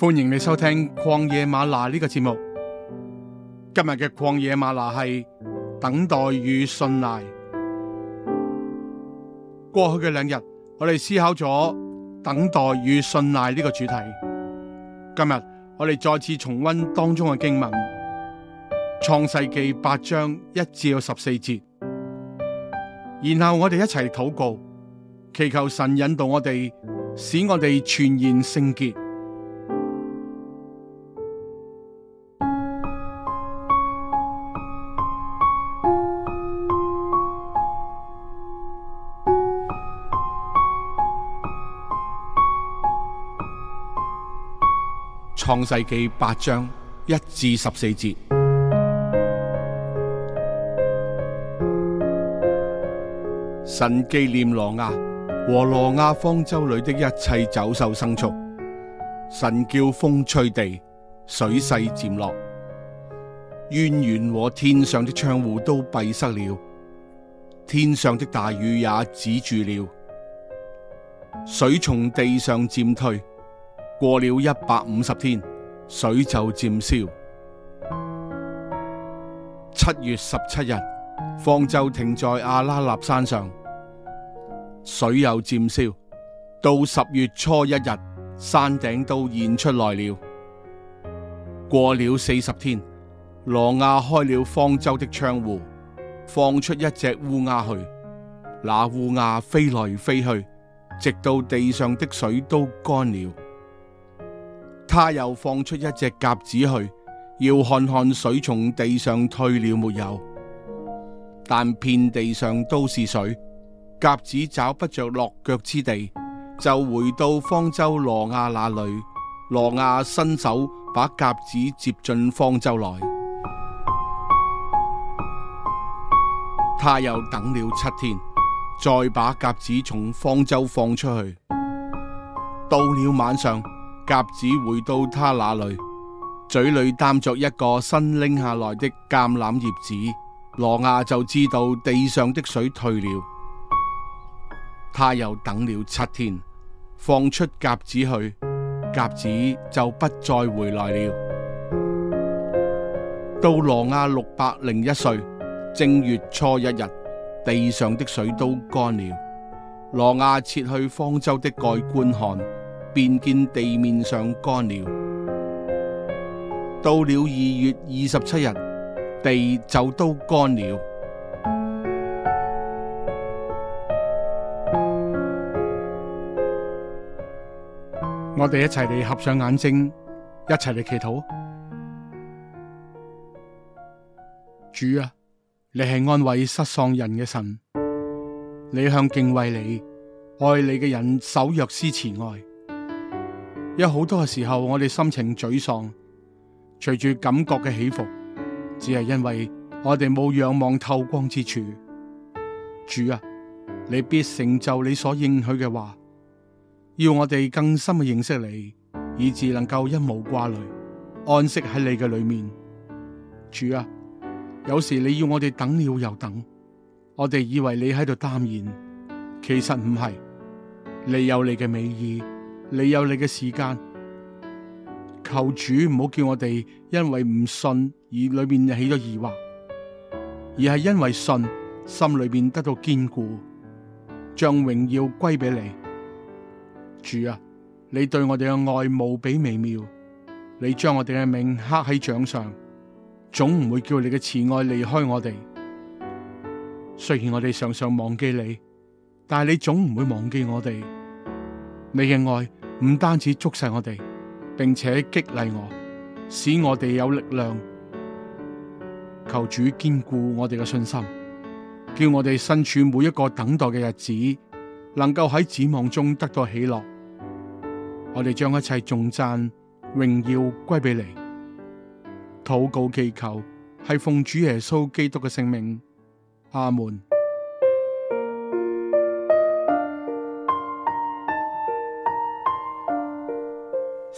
歡迎你收聽《曠野嗎哪》呢個節目。今日嘅《曠野嗎哪》係等待與信賴。過去嘅兩日，我哋思考咗等待與信賴呢個主題。今日我哋再次重溫當中嘅經文《創世紀》八章一至十四節，然後我哋一齊禱告，祈求神引導我哋，使我哋全然聖潔。創世記八章一至十四節。神紀念挪亞和挪亞方舟裏的一切走獸、牲畜。神叫風吹地，水勢漸落。淵源和天上的窗戶都閉塞了，天上的大雨也止住了。水從地上漸退。過了一百五十天，水就漸消。七月十七日，方舟停在阿拉臘山上，水又漸消。到十月初一日，山頂都現出來了。過了四十天，挪亞開了方舟的窗戶，放出一隻烏鴉去。那烏鴉飛來飛去，直到地上的水都乾了。他又放出一隻鴿子去，要看看水從地上退了沒有。但遍地上都是水，鴿子找不着落腳之地，就回到方舟挪亞那裏。挪亞伸手把鴿子接進方舟來。他又等了七天，再把鴿子從方舟放出去。到了晚上，鴿子回到他那裏，嘴裏擔着一個新拎下來的橄欖葉子。挪亞就知道地上的水退了。他又等了七天，放出鴿子去，鴿子就不再回來了。到挪亞六百零一歲，正月初一日，地上的水都乾了。挪亞撤去方舟的蓋觀看。便見地面上乾了。到了二月二十七日，地就都乾了。 我哋一齊嚟合上眼睛，一齊嚟祈禱。主啊，你係安慰失喪人嘅神，你向敬畏你、愛你嘅人守約施慈愛。有好多嘅時候，我哋心情沮喪，隨住感覺嘅起伏，只係因為我哋冇仰望透光之處。主啊，你必成就你所應許嘅話，要我哋更深嘅認識你，以至能夠一無掛慮，安息喺你嘅裏面。主啊，有時你要我哋等了又等，我哋以為你喺度耽延，其實唔係，你有你嘅美意。你有你嘅時間，求主唔好叫我哋因為唔信而裏面起咗疑惑，而係因為信心裏面得到堅固，將榮耀歸俾你，主啊，你對我哋嘅愛無比微妙，你將我哋嘅命刻喺掌上，總唔會叫你嘅慈愛離開我哋。雖然我哋常常忘記你，但係你總唔會忘記我哋，你嘅愛。唔單止捉晒我哋，並且激勵我，使我哋有力量。求主堅固我哋嘅信心，叫我哋身處每一個等待嘅日子，能夠喺指望中得到喜樂。我哋將一切頌讚、榮耀歸俾你。禱告祈求，係奉主耶穌基督嘅聖名。阿門。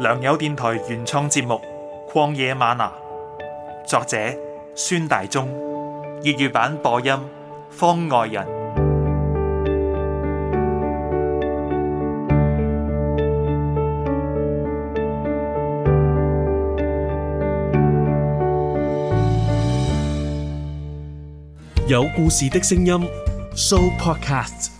良友電台原創節目《曠野嗎哪》，作者孫大中，粵語版播音方外人，有故事的聲音，So Podcasts。